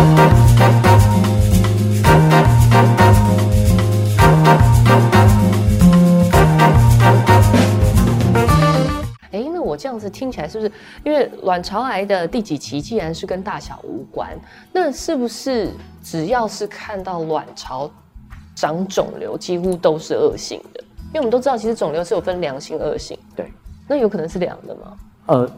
哎、欸，那我這樣子聽起來是不是？因為卵巢癌的第幾期，既然是跟大小無關，那是不是只要是看到卵巢長腫瘤，幾乎都是惡性的？因為我們都知道，其實腫瘤是有分良性、惡性。對，那有可能是良的嗎？呃。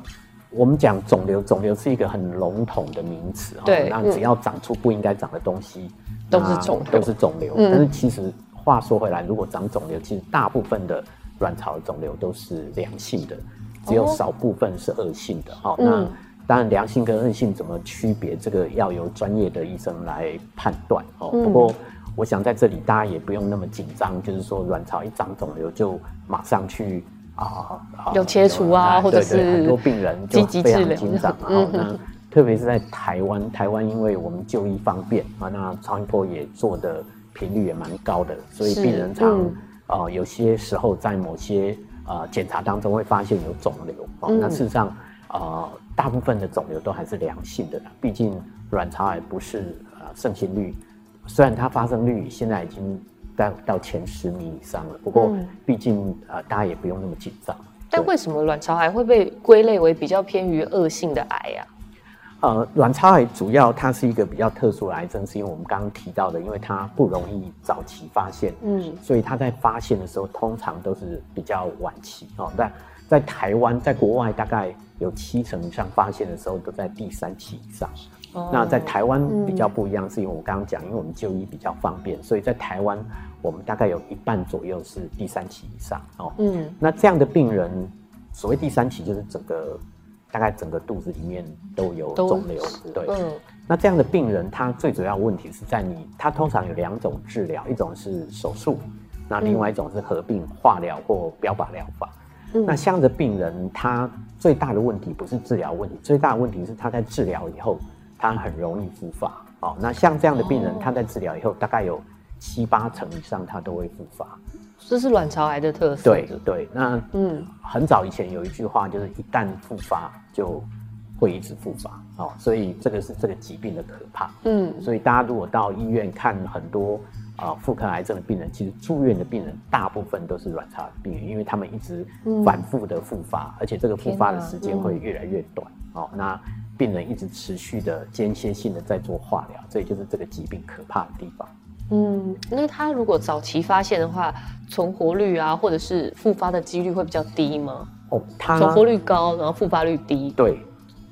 我們講腫瘤，腫瘤是一個很籠統的名詞哈對、哦。那只要長出不應該長的東西，嗯、都是腫都是腫瘤。嗯、但是其實話說回來，如果長腫瘤，其實大部分的卵巢腫瘤都是良性的，只有少部分是惡性的哈。那當然，良性跟惡性怎麼區別，這個要由專業的醫生來判斷哈，哦嗯、不過我想在這裡，大家也不用那麼緊張，就是說卵巢一長腫瘤就馬上去。哦哦、有切除啊，對或者是很多病人就非常緊張積極治療。嗯、 哦，那特別是在台灣，台灣因為我們就醫方便啊， 那超音波也做的頻率也蠻高的，所以病人常、嗯、呃有些時候在某些呃檢查當中會發現有腫瘤。嗯、哦，那事實上、呃、大部分的腫瘤都還是良性的，畢竟卵巢癌不是呃盛行率，雖然它發生率現在已經。到到前十名以上了，不過畢竟啊、呃，大家也不用那麼緊張。嗯、對但為什麼卵巢癌會被歸類為比較偏於惡性的癌呀、啊？呃，卵巢癌主要它是一個比較特殊的癌症，是因為我們剛剛提到的，因為它不容易早期發現，嗯，所以它在發現的時候通常都是比較晚期哦。在台灣，在國外大概有七成以上發現的時候都在第三期以上。那在台灣比較不一樣，是因為我剛剛講，嗯、因為我們就醫比較方便，所以在台灣我們大概有一半左右是第三期以上哦。喔、嗯，那這樣的病人，所謂第三期就是整個大概整個肚子裡面都有腫瘤，是對。嗯、那這樣的病人，他最主要的問題是在你，他通常有兩種治療，一種是手術，那另外一種是合併化療或標靶療法。嗯、那像的病人，他最大的問題不是治療問題，最大的問題是他在治療以後。它很容易復發，哦，那像這樣的病人，哦、他在治療以後，大概有七八成以上，他都會復發。這是卵巢癌的特色。對對，那嗯，很早以前有一句話，就是一旦復發，就會一直復發，哦，所以這個是這個疾病的可怕。嗯，所以大家如果到醫院看很多啊、呃、婦科癌症的病人，其實住院的病人大部分都是卵巢的病人，因為他們一直反覆的復發，嗯、而且這個復發的時間會越來越短，嗯、哦，那。病人一直持續的間歇性的在做化療，所以就是這個疾病可怕的地方。嗯，那他如果早期發現的話，存活率啊，或者是復發的幾率會比較低嗎？哦，他存活率高，然後復發率低。對，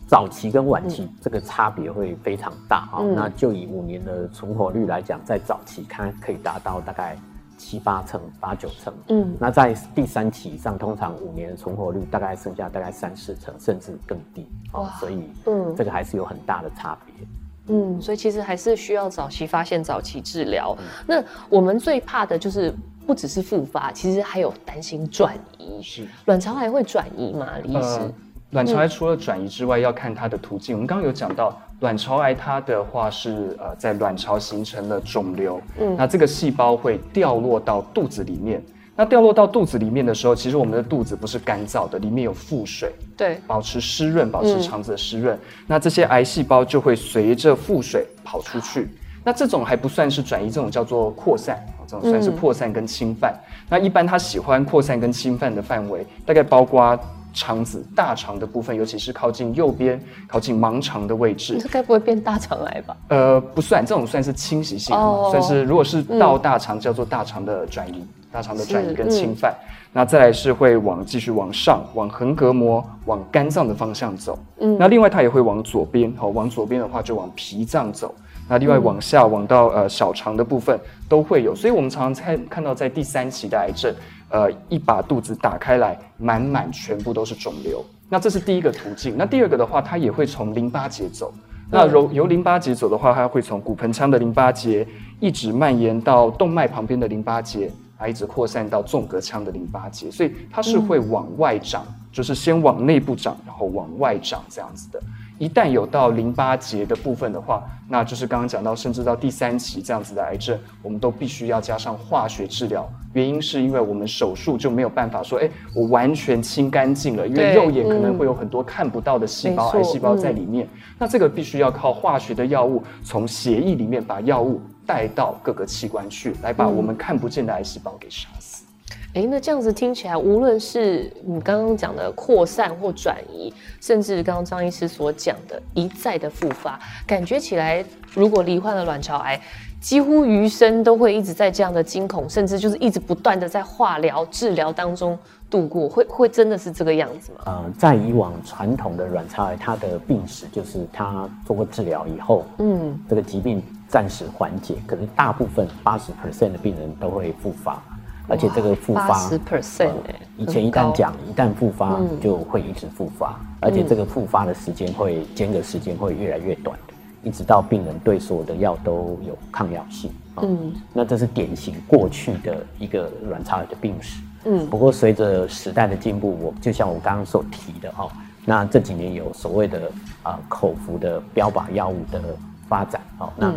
早期跟晚期這個差別會非常大啊，哦。嗯，那就以五年的存活率來講，在早期它可以達到大概。七八成、八九成，嗯，那在第三期以上，通常五年的存活率大概剩下大概三四成，甚至更低。哇哦，所以，嗯，這個還是有很大的差別。嗯，所以其實還是需要早期發現、早期治療。嗯、那我們最怕的就是不只是復發，其實還有擔心轉移。是，卵巢癌會轉移嗎？李醫師、呃、卵巢癌除了轉移之外，嗯、要看它的途徑。我們剛剛有講到。卵巢癌它的話是呃在卵巢形成了腫瘤，嗯，那這個細胞會掉落到肚子裡面。那掉落到肚子裡面的時候，其實我們的肚子不是乾燥的，裡面有腹水，對，保持濕潤，保持腸子的濕潤。嗯，那這些癌細胞就會隨着腹水跑出去。那這種還不算是轉移，這種叫做擴散，這種算是擴散跟侵犯。嗯，那一般它喜歡擴散跟侵犯的範圍大概包括。腸子，大腸的部分，尤其是靠近右邊、靠近盲腸的位置，這該不會變大腸癌吧？呃，不算，這種算是侵襲性，oh, 算是如果是到大腸、嗯、叫做大腸的轉移、大腸的轉移跟侵犯。嗯、那再來是會往繼續往上，往橫膈膜、往肝臟的方向走。嗯，那另外它也會往左邊，好、哦，往左邊的話就往脾臟走。那另外往下、嗯、往到呃小腸的部分都會有，所以我們常常看看到在第三期的癌症。呃，一把肚子打開來，滿滿全部都是腫瘤。那這是第一個途徑。那第二個的話，它也會從淋巴結走。那由由淋巴結走的話，它會從骨盆腔的淋巴結一直蔓延到動脈旁邊的淋巴結，還，啊，一直擴散到縱隔腔的淋巴結。所以它是會往外長，嗯，就是先往內部長，然後往外長這樣子的。一旦有到淋巴結的部分的話，那就是剛剛講到，甚至到第三期這樣子的癌症，我們都必須要加上化學治療。原因是因為我們手術就沒有辦法說，誒，我完全清乾淨了，對因為肉眼可能會有很多看不到的細胞，嗯、癌細胞在裡面。嗯、那這個必須要靠化學的藥物，從血液裡面把藥物帶到各個器官去，來把我們看不見的癌細胞給殺死。嗯哎、欸，那這樣子聽起來，無論是你剛剛講的擴散或轉移，甚至剛剛張醫師所講的一再的復發，感覺起來，如果罹患了卵巢癌，幾乎餘生都會一直在這樣的驚恐，甚至就是一直不斷的在化療治療當中度過，會會真的是這個樣子嗎？嗯、呃，在以往傳統的卵巢癌，它的病史就是他做過治療以後，嗯，這個疾病暫時緩解，可是大部分八十 percent 的病人都會復發。而且這個復發，哇，八十%，欸、以前一旦講，高一旦復發就會一直復發，嗯、而且這個復發的時間會間、嗯、隔時間會越來越短，一直到病人對所有的藥都有抗藥性。嗯、哦，那這是典型過去的一個卵巢癌的病史。嗯，不過隨着時代的進步，我就像我剛剛所提的哦，那這幾年有所謂的啊、呃、口服的標靶藥物的發展。哦。那、嗯、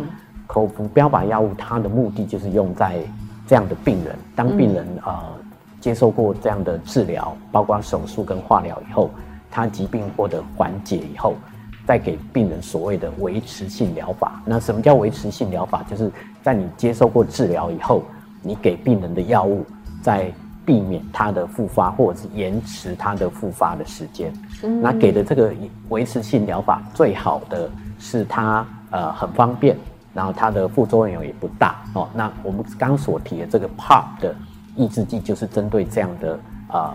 口服標靶藥物它的目的就是用在。這樣的病人，當病人、嗯、呃接受過這樣的治療，包括手術跟化療以後，他疾病獲得緩解以後，再給病人所謂的維持性療法。那什麼叫維持性療法？就是在你接受過治療以後，你給病人的藥物，在避免他的復發，或者是延遲他的復發的時間。嗯、那給的這個維持性療法最好的是它呃很方便。然後它的副作用也不大哦。那我們剛所提的這個 PARP 的抑制劑，就是針對這樣的啊、呃、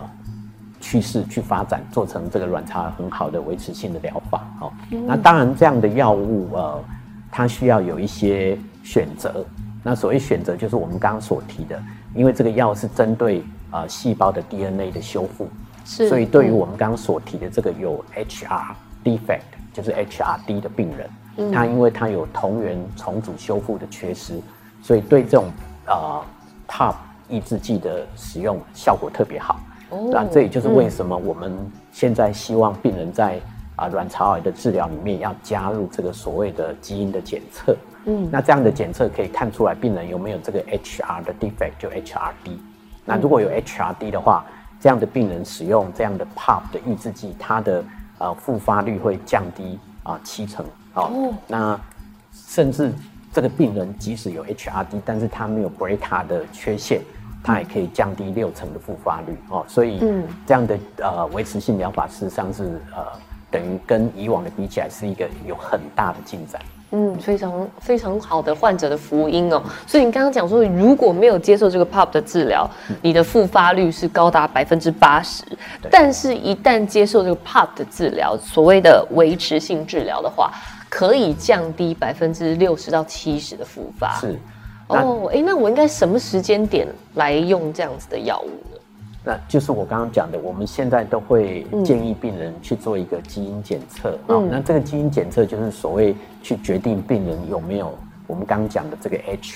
趨勢去發展，做成這個卵巢很好的維持性的療法哦。那當然這樣的藥物呃，它需要有一些選擇。那所謂選擇，就是我們剛所提的，因為這個藥是針對啊、呃、細胞的 DNA 的修復，是。所以對於我們剛所提的這個有 HR defect，就是 HRD 的病人。它因為它有同源重組修復的缺失，所以對這種啊、呃、PARP 抑制劑的使用效果特別好。那、嗯啊、這也就是為什麼我們現在希望病人在啊、呃、卵巢癌的治療裡面要加入這個所謂的基因的檢測。嗯，那這樣的檢測可以看出來病人有沒有這個 HR 的 defect 就 HRD。那如果有 HRD 的話，這樣的病人使用這樣的 PARP 的抑制劑，它的呃復發率會降低。啊、呃，七成哦，哦那甚至這個病人即使有 HRD，但是他沒有 BRCA 的缺陷，他也可以降低六成的復發率哦，所以這樣的呃維持性療法事實上是呃等於跟以往的比起來是一個有很大的進展。嗯，非常非常好的患者的福音哦、喔。所以你剛剛講說，如果沒有接受這個 PARP 的治療，嗯、你的復發率是高達百分之八十。對但是，一旦接受這個 PARP 的治療，所謂的維持性治療的話，可以降低百分之六十到七十的復發。是，哦，哎、oh, 欸，那我應該什麼時間點來用這樣子的藥物？那就是我剛剛講的，我們現在都會建議病人去做一個基因檢測啊、嗯哦。那這個基因檢測就是所謂去決定病人有沒有我們剛剛講的這個 HRD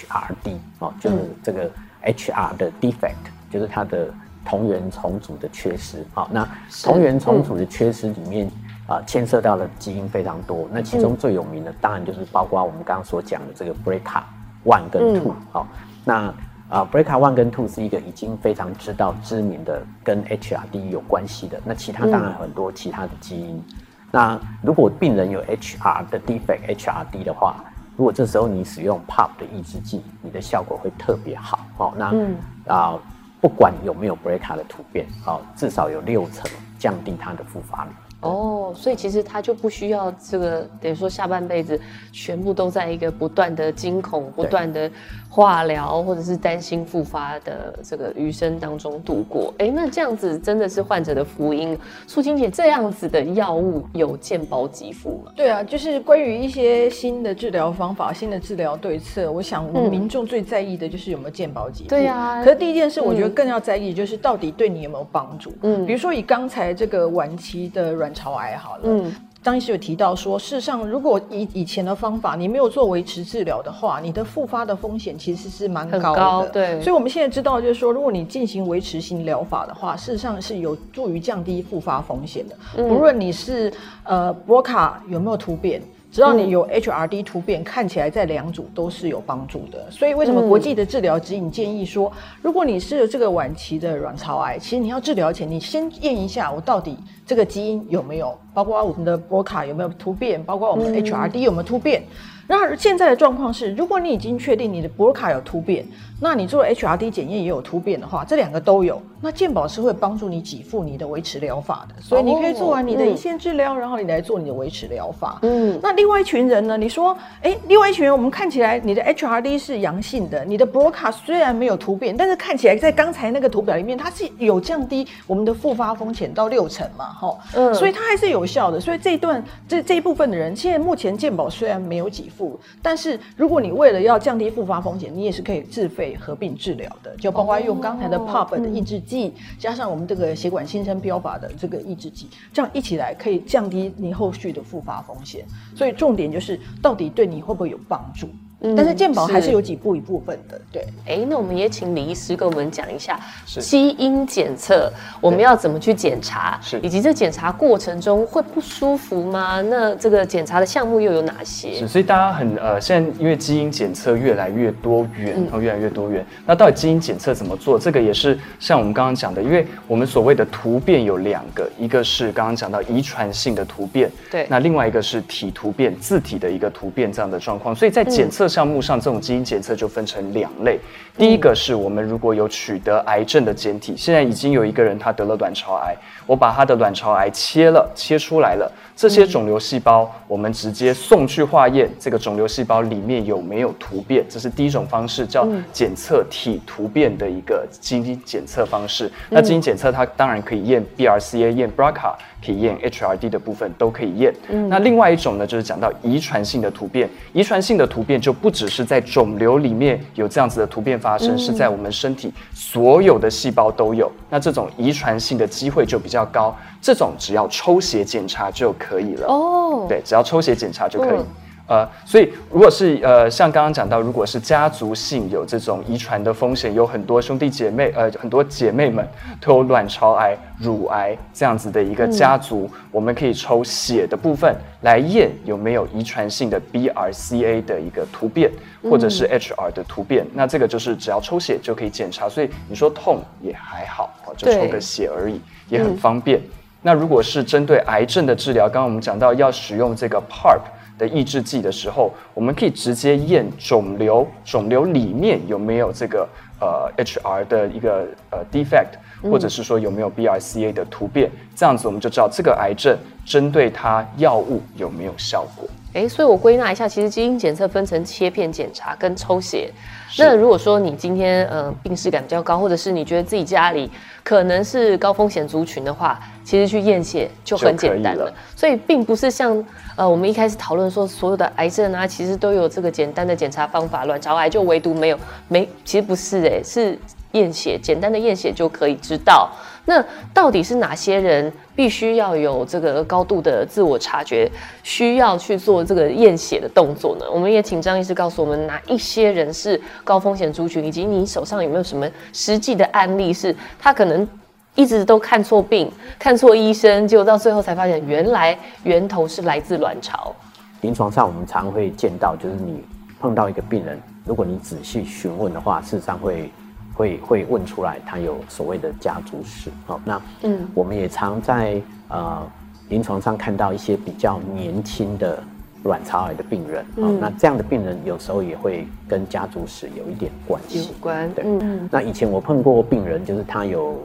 啊、哦，就是這個 HR 的 defect，就是它的同源重組的缺失。好、哦，那同源重組的缺失裡面啊、嗯呃，牽涉到的基因非常多。那其中最有名的當然就是包括我們剛剛所講的這個 BRCA one 跟 two 啊、嗯哦。那啊 BRCA one 跟 two 是一個已經非常知道、知名的跟 HRD 有關係的。那其他當然很多其他的基因。嗯、那如果病人有的 fect, HR 的 defect HRD 的話，如果這時候你使用 PARP 的抑制劑，你的效果會特別好。哦，那、嗯、啊，不管有沒有 BRCA 的突變，好、哦，至少有六成降低它的復發率。哦，oh, 所以其實它就不需要這個，等於說下半輩子全部都在一個不斷的驚恐、不斷的。化療或者是擔心復發的這個餘生當中度過，哎、欸，那這樣子真的是患者的福音。素卿姐，這樣子的藥物有健保給付嗎？對啊，就是關於一些新的治療方法、新的治療對策，我想我們民眾最在意的就是有沒有健保給付。對啊、嗯，可是第一件事，我覺得更要在意就是到底對你有沒有幫助。嗯，比如說以剛才這個晚期的卵巢癌好了。嗯當時有提到說，事實上，如果以以前的方法，你沒有做維持治療的話，你的復發的風險其實是蠻高的。很高，對。所以，我們現在知道就是說，如果你進行維持性療法的話，事實上是有助於降低復發風險的，嗯、不論你是呃博卡有沒有突變。只要你有 H R D 突變，嗯、看起來在兩組都是有幫助的。所以為什麼國際的治療指引建議說，如果你是有這個晚期的卵巢癌，其實你要治療前，你先驗一下我到底這個基因有沒有，包括我們的博卡有沒有突變，包括我們 H R D 有沒有突變。那、嗯、現在的狀況是，如果你已經確定你的博卡有突變。那你做 H R D 檢驗也有突變的話，這兩個都有，那健保是會幫助你給付你的維持療法的，所以你可以做完你的一線治療，嗯、然後你來做你的維持療法。嗯，那另外一群人呢？你說，哎、欸，另外一群人，我們看起來你的 H R D 是陽性的，你的 BRCA 雖然沒有突變，但是看起來在剛才那個圖表裡面，它是有降低我們的復發風險到六成嘛，哈，嗯，所以它還是有效的。所以這一段這這一部分的人，現在目前健保雖然沒有給付，但是如果你為了要降低復發風險，你也是可以自費。被合併治療的，就包括用剛才的 PARP 的抑制劑，加上我們這個血管新生標靶的這個抑制劑，這樣一起來可以降低你後續的復發風險。所以重點就是，到底對你會不會有幫助？但是健保還是有幾步一部分的，嗯、對。哎、欸，那我們也請李醫師跟我們講一下是基因檢測，我們對要怎麼去檢查？是，以及這檢查過程中會不舒服嗎？那這個檢查的項目又有哪些？是，所以大家很呃，現在因為基因檢測越來越多元，後、嗯、越來越多元。那到底基因檢測怎麼做？這個也是像我們剛剛講的，因為我們所謂的突變有兩個，一個是剛剛講到遺傳性的突變，對，那另外一個是體突變，自體的一個突變這樣的狀況。所以在檢測上、嗯。項目上這種基因檢測就分成兩類。第一個是我們如果有取得癌症的檢體，現在已經有一個人他得了卵巢癌，我把他的卵巢癌切了，切出來了，這些腫瘤細胞我們直接送去化驗，這個腫瘤細胞裡面有沒有突變，這是第一種方式，叫檢測體突變的一個基因檢測方式。那基因檢測它當然可以驗 BRCA，驗 BRCA。體驗 HRD 的部分都可以驗，嗯、那另外一種呢？就是講到遺傳性的突變。遺傳性的突變就不只是在腫瘤裡面有這樣子的突變發生，嗯、是在我們身體所有的細胞都有。那這種遺傳性的機會就比較高，這種只要抽血檢查就可以了。哦，對，只要抽血檢查就可以、哦呃，所以如果是呃，像剛剛講到，如果是家族性有這種遺傳的風險，有很多兄弟姐妹，呃，很多姐妹們，都有卵巢癌、乳癌這樣子的一個家族，嗯、我們可以抽血的部分來驗有沒有遺傳性的 BRCA 的一個突變，嗯、或者是 HR 的突變。那這個就是只要抽血就可以檢查，所以你說痛也還好就抽個血而已，對也很方便。嗯、那如果是針對癌症的治療，剛剛我們講到要使用這個 PARP。的抑制劑的時候，我們可以直接驗腫瘤，腫瘤裡面有沒有這個呃 HR 的一個呃 defect，或者是說有沒有 BRCA 的突變，嗯，這樣子我們就知道這個癌症針對它藥物有沒有效果。哎、欸，所以我歸納一下，其實基因檢測分成切片檢查跟抽血。是那如果說你今天嗯、呃、病史感比較高，或者是你覺得自己家裡可能是高風險族群的話，其實去驗血就很簡單了。就可以了。所以並不是像呃我們一開始討論說所有的癌症啊，其實都有這個簡單的檢查方法。卵巢癌就唯獨沒有沒，其實不是誒、欸，是驗血，簡單的驗血就可以知道。那到底是哪些人必須要有這個高度的自我察覺，需要去做這個驗血的動作呢？我們也請張醫師告訴我們，哪一些人是高風險族群，以及你手上有沒有什麼實際的案例，是他可能一直都看錯病、看錯醫生，結果到最後才發現原來源頭是來自卵巢。臨床上我們常會見到，就是你碰到一個病人，如果你仔細詢問的話，事實上會……會會問出來，他有所謂的家族史。哦、那嗯，我們也常在呃臨床上看到一些比較年輕的卵巢癌的病人，嗯哦。那這樣的病人有時候也會跟家族史有一點關係。有關。對。嗯，那以前我碰過病人，就是他有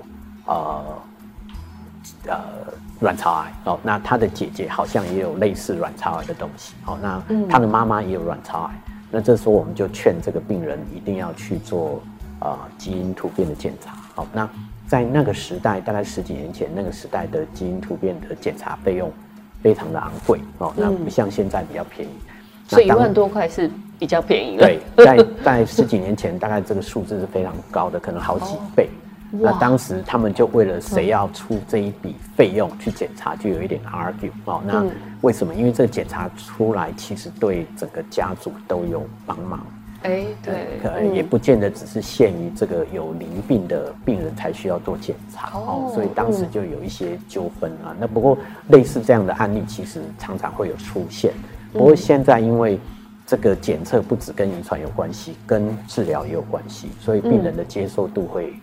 呃呃卵巢癌。哦，那他的姐姐好像也有類似卵巢癌的東西。好，哦，那他的媽媽也有卵巢癌。那這時候我們就勸這個病人一定要去做。啊、呃，基因突變的檢查，好、哦，那在那個時代，大概十幾年前，那個時代的基因突變的檢查費用非常的昂貴，哦，那不像現在比較便宜，嗯、當所以一萬多塊是比較便宜的。對，在在十幾年前， 大概這個數字是非常高的，可能好幾倍。哦、那當時他們就為了誰要出這一筆費用去檢查，嗯、檢查就有一點 argue 哦，那為什麼？因為這個檢查出來，其實對整個家族都有幫忙。哎、欸，對，對可能也不見得只是限於這個有罹病的病人才需要做檢查哦，所以當時就有一些糾紛啊。嗯、那不過類似這樣的案例，其實常常會有出現。嗯、不過現在因為這個檢測不止跟遺傳有關係，跟治療也有關係，所以病人的接受度會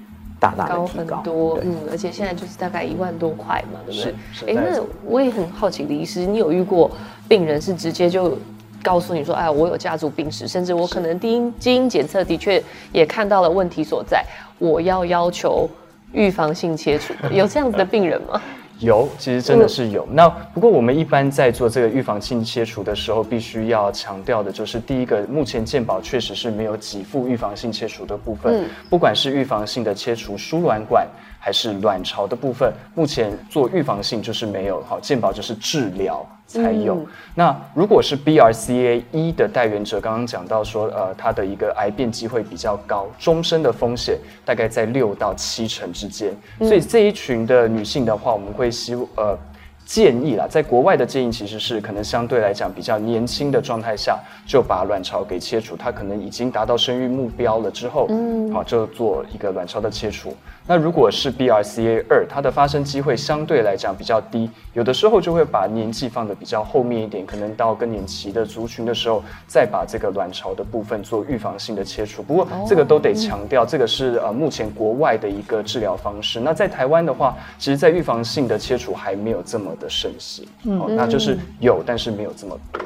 大大提高,高很多。對嗯，而且現在就是大概一萬多塊嘛，是嗯、對不對？哎，欸、那我也很好奇，李醫師，你有遇過病人是直接就？告訴你說，哎，我有家族病史，甚至我可能基因檢測的確也看到了問題所在，我要要求預防性切除，有這樣子的病人嗎？ 有，其實真的是有。那不過我們一般在做這個預防性切除的時候，必須要強調的就是，第一個，目前健保確實是沒有給付預防性切除的部分，嗯、不管是預防性的切除輸卵管還是卵巢的部分，目前做預防性就是沒有。好，健保就是治療。才有。嗯、那如果是 B R C A 一的帶因者，剛剛講到說，呃，它的一個癌變機會比較高，終身的風險大概在六到七成之間。嗯、所以這一群的女性的話，我們會希呃建議啦，在國外的建議其實是可能相對來講比較年輕的狀態下就把卵巢給切除，她可能已經達到生育目標了之後，嗯，好就做一個卵巢的切除。那如果是 BRCA2，它的發生機會相對來講比較低，有的時候就會把年紀放得比較後面一點，可能到更年期的族群的時候，再把這個卵巢的部分做預防性的切除。不過這個都得強調，這個是呃目前國外的一個治療方式。那在台灣的話，其實在預防性的切除還沒有這麼的盛行。哦，那就是有，但是沒有這麼多。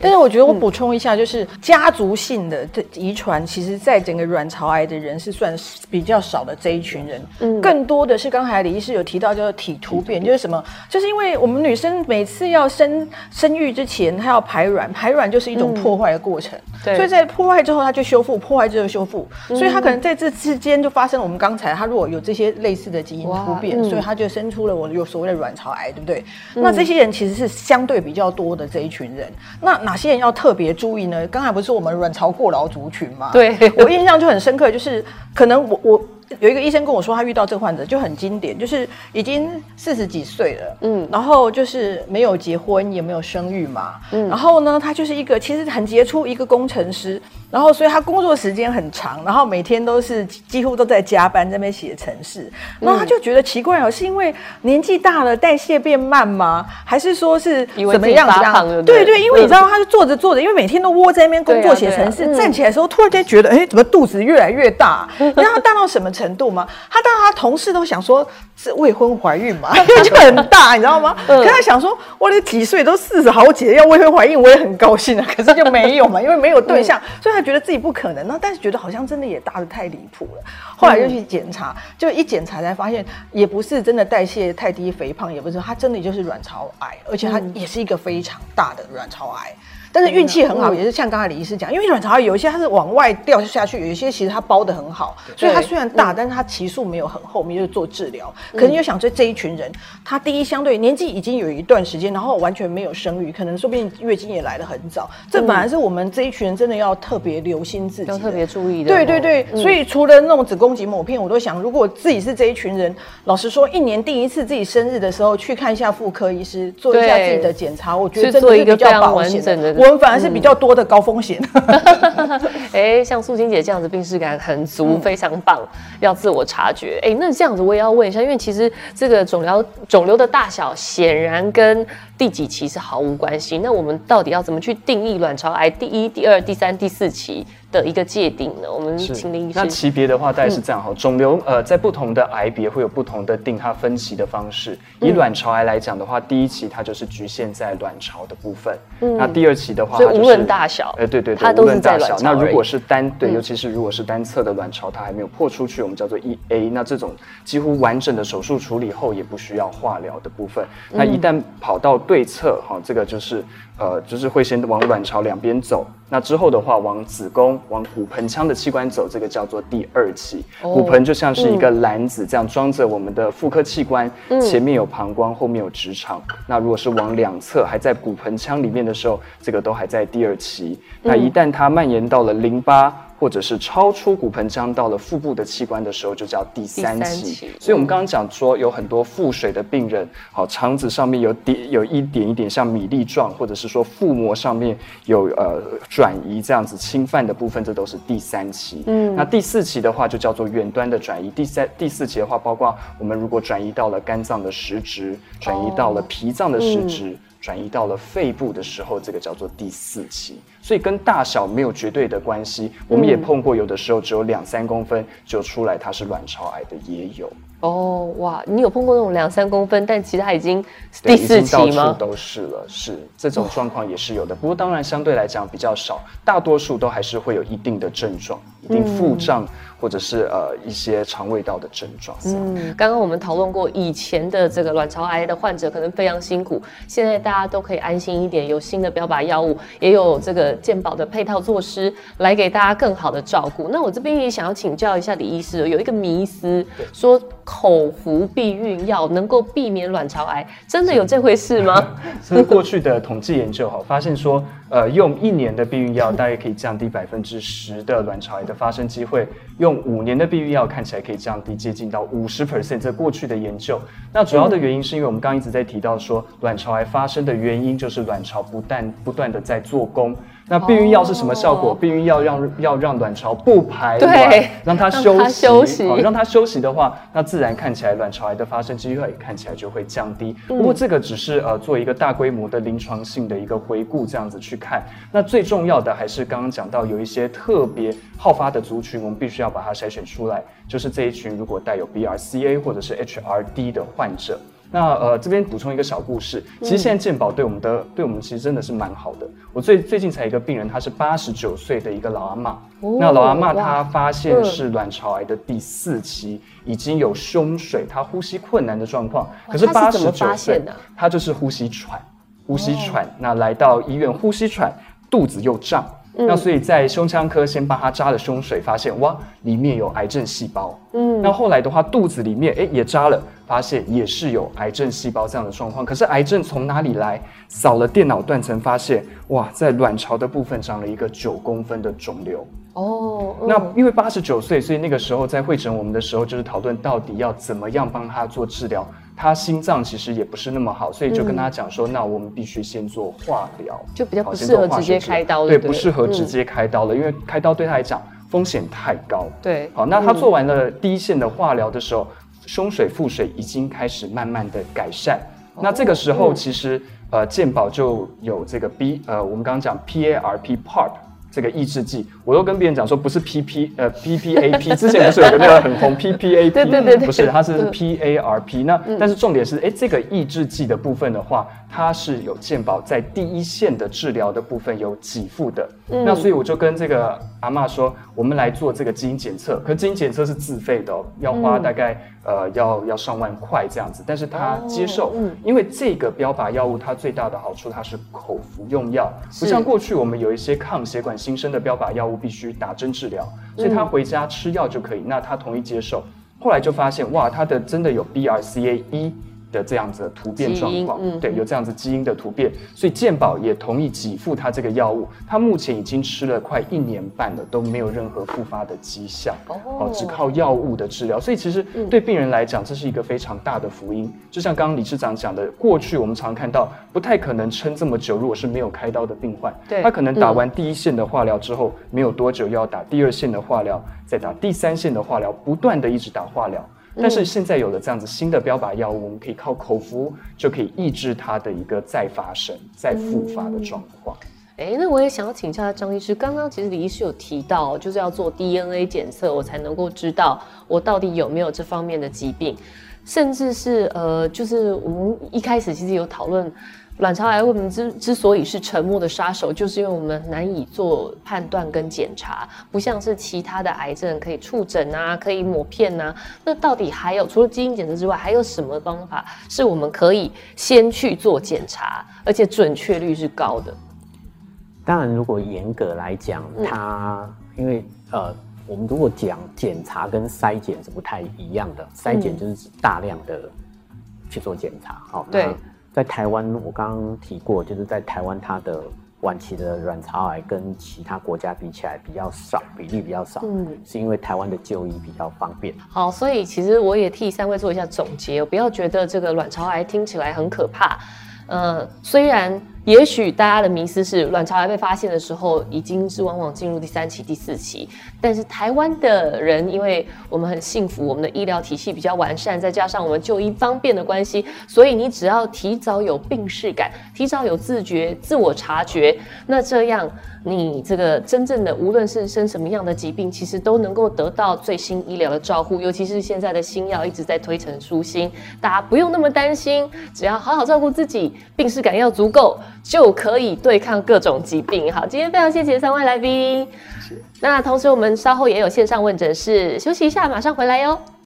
但是我覺得我補充一下，就是家族性的遺傳，其實在整個卵巢癌的人是算比較少的這一群人。嗯，更多的是剛才李醫師有提到，叫做體突變，就是什麼？就是因為我們女生每次要生生育之前，她要排卵，排卵就是一種破壞的過程。嗯嗯對所以在破壞之後，它就修復；破壞之後修復，嗯、所以它可能在這之間就發生了。我們剛才，它如果有這些類似的基因突變，嗯、所以它就生出了我有所謂的卵巢癌，對不對？嗯、那這些人其實是相對比較多的這一群人。那哪些人要特別注意呢？剛才不是說我們卵巢過勞族群嗎？對，對我印象就很深刻，就是可能我我。有一個醫生跟我說，他遇到這個患者，就很經典，就是已經四十幾歲了，嗯，然後就是沒有結婚，也沒有生育嘛，嗯，然後呢，他就是一個其實很傑出一個工程師。然後，所以他工作時間很長，然後每天都是幾乎都在加班在那邊寫程式。然後他就覺得奇怪哦，是因為年紀大了代謝變慢嗎？還是說是怎麼樣這樣？對，對，對對，因為你知道，他是坐着坐着，因為每天都窩，窩在那邊工作寫程式，啊啊啊、站起來的時候突然間覺得，哎，怎麼肚子越來越大，啊？你知道他大到什麼程度嗎？他大到他同事都想說是未婚懷孕嘛，就很大，你知道嗎？可他想說，我這幾歲都四十好幾了，要未婚懷孕我也很高興啊，可是就沒有嘛，因為沒有對象，對所以。覺得自己不可能呢，但是覺得好像真的也大得太離譜了。後來就去檢查，就一檢查才發現，也不是真的代謝太低肥胖，也不是，它真的就是卵巢癌，而且它也是一個非常大的卵巢癌。但是運氣很好，嗯、也是像剛才李醫師講，因為卵巢有一些它是往外掉下去，有一些其實它包得很好，對所以它雖然大，嗯、但是它期數沒有很後面，我們就做治療。可能就想說這一群人，他第一相對年紀已經有一段時間，然後完全沒有生育，可能說不定月經也來得很早。嗯、這本來是我們這一群人真的要特別留心自己，要特別注意的。對對對，嗯、所以除了那種子宮頸抹片，我都想，如果自己是這一群人，老實說，一年定一次自己生日的時候去看一下婦科醫師，做一下自己的檢查，對我覺得真的是比較保險的。我們反而是比較多的高風險，哎、嗯 欸，像素卿姐這樣子，病識感很足，嗯、非常棒，要自我察覺。哎、欸，那這樣子我也要問一下，因為其實這個腫瘤腫瘤的大小顯然跟第幾期是毫無關係。那我們到底要怎麼去定義卵巢癌第一、第二、第三、第四期？的一個界定的，我們請林一下，那期別的話大概是這樣哈，腫、嗯、瘤呃，在不同的癌別會有不同的定它分期的方式。以卵巢癌來講的話，第一期它就是局限在卵巢的部分，嗯、那第二期的話，無論大小，哎、就是呃，對對、對，它都是在卵巢。那如果是單對，尤其是如果是單側的卵巢，它還沒有破出去，嗯、我們叫做一、e、A。那這種幾乎完整的手術處理後也不需要化療的部分，嗯、那一旦跑到對側哈、哦，這個就是呃，就是會先往卵巢兩邊走，那之後的話往子宮。往骨盆腔的器官走，這個叫做第二期。Oh, 骨盆就像是一個籃子，這樣、嗯、裝着我們的婦科器官，嗯、前面有膀胱，後面有直腸。那如果是往兩側還在骨盆腔裡面的時候，這個都還在第二期。那一旦它蔓延到了淋巴、嗯。嗯或者是超出骨盆腔到了腹部的器官的時候，就叫第三期。第三期。所以，我們剛剛講說，有很多腹水的病人，好、嗯，腸子上面有點，有一點一點像米粒狀，或者是說腹膜上面有呃轉移這樣子侵犯的部分，這都是第三期。嗯，那第四期的話，就叫做遠端的轉移。第三、第四期的話，包括我們如果轉移到了肝臟的實質，轉移到了脾臟的實質，哦、轉移到了肺部的時候，嗯、這個叫做第四期。所以跟大小沒有絕對的關係，嗯、我們也碰過有的時候只有兩三公分就出來，它是卵巢癌的也有。哦，哇，你有碰過那種兩三公分，但其實它已經第四期嗎？到處都是了，是這種狀況也是有的，不過當然相對來講比較少，大多數都還是會有一定的症狀，一定腹脹、嗯、或者是呃一些腸胃道的症狀。嗯，剛剛對、嗯、我們討論過以前的這個卵巢癌的患者可能非常辛苦，現在大家都可以安心一點，有新的標靶藥物，也有這個。健保的配套措施來給大家更好的照顧。那我這邊也想要請教一下李醫師，有一個迷思，對說口服避孕藥能夠避免卵巢癌，真的有這回事嗎？是 所以過去的統計研究哈，發現說，呃，用一年的避孕藥，大約可以降低百分之十的卵巢癌的發生機會，用五年的避孕藥，看起來可以降低接近到五十 percent，在過去的研究，那主要的原因是因為我們剛一直在提到說，嗯、卵巢癌發生的原因就是卵巢不斷不斷的在做工。那避孕藥是什麼效果？Oh, 避孕藥要讓要讓卵巢不排卵，對讓它休息，讓它休息，哦，讓它休息的話，那自然看起來卵巢癌的發生機會看起來就會降低。不過這個只是呃做一個大規模的臨床性的一個回顧，這樣子去看。那最重要的還是剛剛講到，有一些特別好發的族群，我們必須要把它篩選出來，就是這一群如果帶有 BRCA 或者是 HRD 的患者。那呃，這邊補充一個小故事。其實現在健保對我們的，嗯、對我們其實真的是蠻好的。我最最近才一個病人，她是八十九歲的一個老阿媽。哦、那老阿媽她發現是卵巢癌的第四期，嗯、已經有胸水，她呼吸困難的狀況。是啊、可是八十九歲，她就是呼吸喘，呼吸喘。哦、那來到醫院，呼吸喘，肚子又脹。那所以，在胸腔科先幫他扎了胸水，發現哇，裡面有癌症細胞。嗯，那後來的話，肚子裡面，欸，也扎了，發現也是有癌症細胞這樣的狀況。可是癌症從哪裡來？掃了電腦斷層，發現哇，在卵巢的部分長了一個九公分的腫瘤。哦，那因為八十九歲，所以那個時候在會診我們的時候，就是討論到底要怎麼樣幫他做治療。他心臟其實也不是那麼好，所以就跟他講說，嗯、那我們必須先做化療，就比較不適合直接開刀。對，不適合直接開刀了，刀了嗯、因為開刀對他來講風險太高。對，好，那他做完了第一線的化療的時候，嗯、胸水、腹水已經開始慢慢的改善。哦、那這個時候其實、嗯、呃健保就有這個 B 呃，我們剛剛講 P A R P PARP。這個抑制劑，我都跟別人講說不是 PP 呃 PPAP，之前不是有個那個很紅 PPAP，對對對，不是它是 PARP、嗯。那但是重點是，哎，這個抑制劑的部分的話，它是有健保在第一線的治療的部分有給付的。嗯、那所以我就跟這個阿嬤說，我們來做這個基因檢測，可是基因檢測是自費的、哦、要花大概。呃，要要上萬塊這樣子，但是他接受，哦嗯、因為這個標靶藥物它最大的好處，它是口服用藥，是不像過去我們有一些抗血管新生的標靶藥物必須打針治療，所以他回家吃藥就可以，嗯、那他同意接受，後來就發現哇，他的真的有 B R C A 一的這樣子的突變狀況，嗯、對，有這樣子基因的突變，嗯、所以健保也同意給付他這個藥物。他目前已經吃了快一年半了，都沒有任何復發的跡象。哦，只靠藥物的治療，所以其實對病人來講，嗯、這是一個非常大的福音。就像剛剛理事長講的，過去我們常看到不太可能撐這麼久，如果是沒有開刀的病患，對，他可能打完第一線的化療之後，沒有多久又要打第二線的化療，再打第三線的化療，不斷的一直打化療。但是現在有了這樣子新的標靶藥物，我們可以靠口服就可以抑制它的一個再發生、再復發的狀況。哎、嗯欸，那我也想要請教張醫師，剛剛其實李醫師有提到，就是要做 DNA 檢測，我才能夠知道我到底有沒有這方面的疾病，甚至是呃，就是我們一開始其實有討論。卵巢癌，我們之之所以是沉默的殺手，就是因為我們難以做判斷跟檢查，不像是其他的癌症可以觸診啊，可以抹片啊。那到底還有除了基因檢測之外，還有什麼方法是我們可以先去做檢查，而且準確率是高的？當然，如果嚴格來講，它、嗯、因為呃，我們如果講檢查跟篩檢是不太一樣的，篩檢、嗯、就是大量的去做檢查。好、嗯，哦、對。在台灣，我剛剛提過，就是在台灣，它的晚期的卵巢癌跟其他國家比起來比較少，比例比較少，嗯，是因為台灣的就醫比較方便。好，所以其實我也替三位做一下總結，我不要覺得這個卵巢癌聽起來很可怕，呃，雖然。也許大家的迷思是，卵巢癌被發現的時候已經是往往進入第三期、第四期。但是台灣的人，因為我們很幸福，我們的醫療體系比較完善，再加上我們就醫方便的關係，所以你只要提早有病識感，提早有自覺、自我察覺，那這樣你這個真正的，無論是生什麼樣的疾病，其實都能夠得到最新醫療的照顧。尤其是現在的新藥一直在推陳出新，大家不用那麼擔心，只要好好照顧自己，病識感要足夠。就可以對抗各種疾病。好，今天非常謝謝三位來賓。謝謝。那同時我們稍後也有線上問診室，休息一下，馬上回來喲。